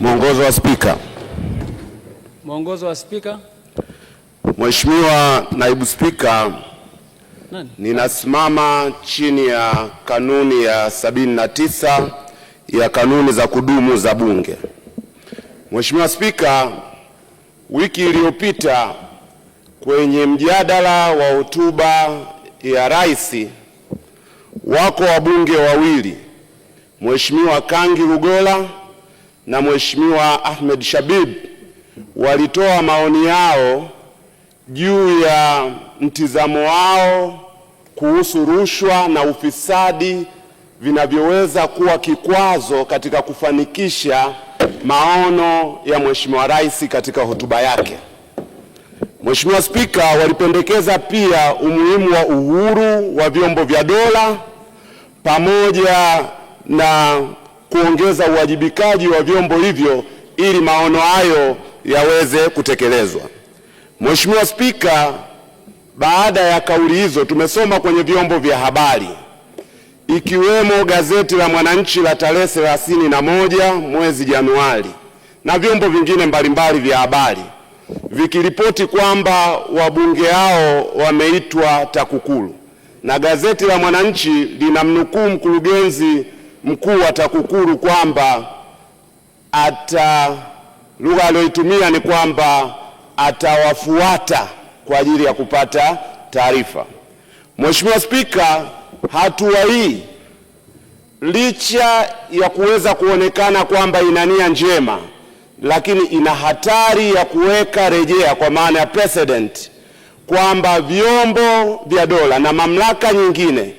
Mwongozo wa Spika. Mwongozo wa Spika. Mheshimiwa Naibu Spika, ninasimama chini ya kanuni ya tisa ya kanuni za kudumu za Bunge. Mheshimiwa Spika, wiki iliyopita kwenye mjadala wa hotuba ya rais, wako wabunge wawili Mheshimiwa Kangi Lugola na Mheshimiwa Ahmed Shabib walitoa maoni yao juu ya mtizamo wao kuhusu rushwa na ufisadi vinavyoweza kuwa kikwazo katika kufanikisha maono ya Mheshimiwa Rais katika hotuba yake. Mheshimiwa Spika, walipendekeza pia umuhimu wa uhuru wa vyombo vya dola pamoja na kuongeza uwajibikaji wa vyombo hivyo ili maono hayo yaweze kutekelezwa. Mheshimiwa Spika, baada ya kauli hizo tumesoma kwenye vyombo vya habari ikiwemo gazeti la Mwananchi la tarehe thelathini na moja mwezi Januari na vyombo vingine mbalimbali vya habari vikiripoti kwamba wabunge hao wameitwa TAKUKURU, na gazeti la Mwananchi linamnukuu mkurugenzi mkuu wa TAKUKURU kwamba ata lugha aliyoitumia ni kwamba atawafuata kwa ajili ya kupata taarifa. Mheshimiwa Spika, hatua hii licha ya kuweza kuonekana kwamba ina nia njema, lakini ina hatari ya kuweka rejea, kwa maana ya precedent, kwamba vyombo vya dola na mamlaka nyingine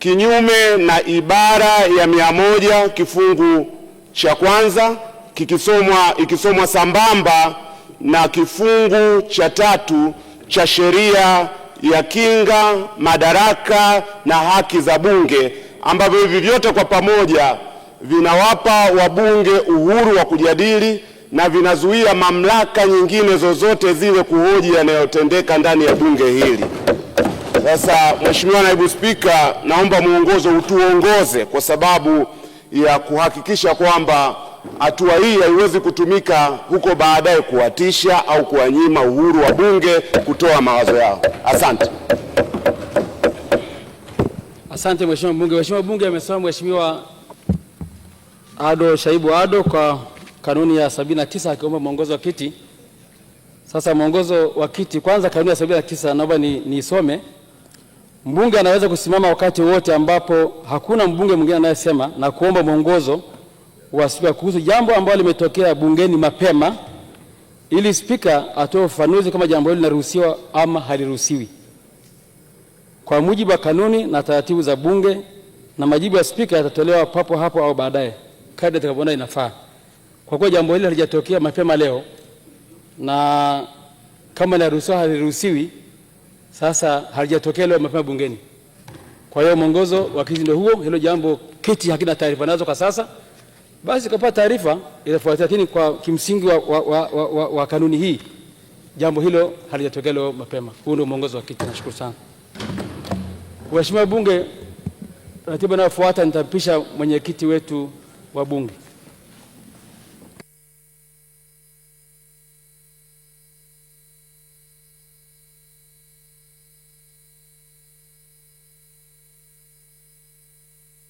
kinyume na ibara ya mia moja kifungu cha kwanza kikisomwa ikisomwa sambamba na kifungu cha tatu cha sheria ya kinga, madaraka na haki za Bunge, ambavyo hivi vyote kwa pamoja vinawapa wabunge uhuru wa kujadili na vinazuia mamlaka nyingine zozote zile kuhoji yanayotendeka ndani ya bunge hili. Sasa Mheshimiwa Naibu Spika, naomba mwongozo utuongoze kwa sababu ya kuhakikisha kwamba hatua hii haiwezi kutumika huko baadaye kuwatisha au kuwanyima uhuru wa bunge kutoa mawazo yao. Asante. Asante Mheshimiwa Mbunge. Mheshimiwa Bunge amesema Mheshimiwa Ado Shaibu Ado kwa kanuni ya 79 akiomba mwongozo wa kiti. Sasa mwongozo wa kiti kwanza, kanuni ya 79 naomba nisome ni Mbunge anaweza kusimama wakati wote ambapo hakuna mbunge mwingine anayesema na kuomba mwongozo wa spika kuhusu jambo ambalo limetokea bungeni mapema, ili spika atoe ufafanuzi kama jambo hilo linaruhusiwa ama haliruhusiwi kwa mujibu wa kanuni na taratibu za bunge, na majibu ya spika yatatolewa papo hapo au baadaye kadri atakapoona inafaa. Kwa kuwa jambo hili halijatokea mapema leo na kama linaruhusiwa haliruhusiwi sasa halijatokea leo mapema bungeni. Kwa hiyo mwongozo wa kiti ndio huo. Hilo jambo kiti hakina taarifa nazo kwa sasa, basi kapata taarifa itafuatia, lakini kwa kimsingi wa, wa, wa, wa, wa kanuni hii jambo hilo halijatokea leo mapema. Huu ndio mwongozo wa kiti. Nashukuru sana Mheshimiwa Bunge. Ratiba inayofuata nitampisha mwenyekiti wetu wa Bunge.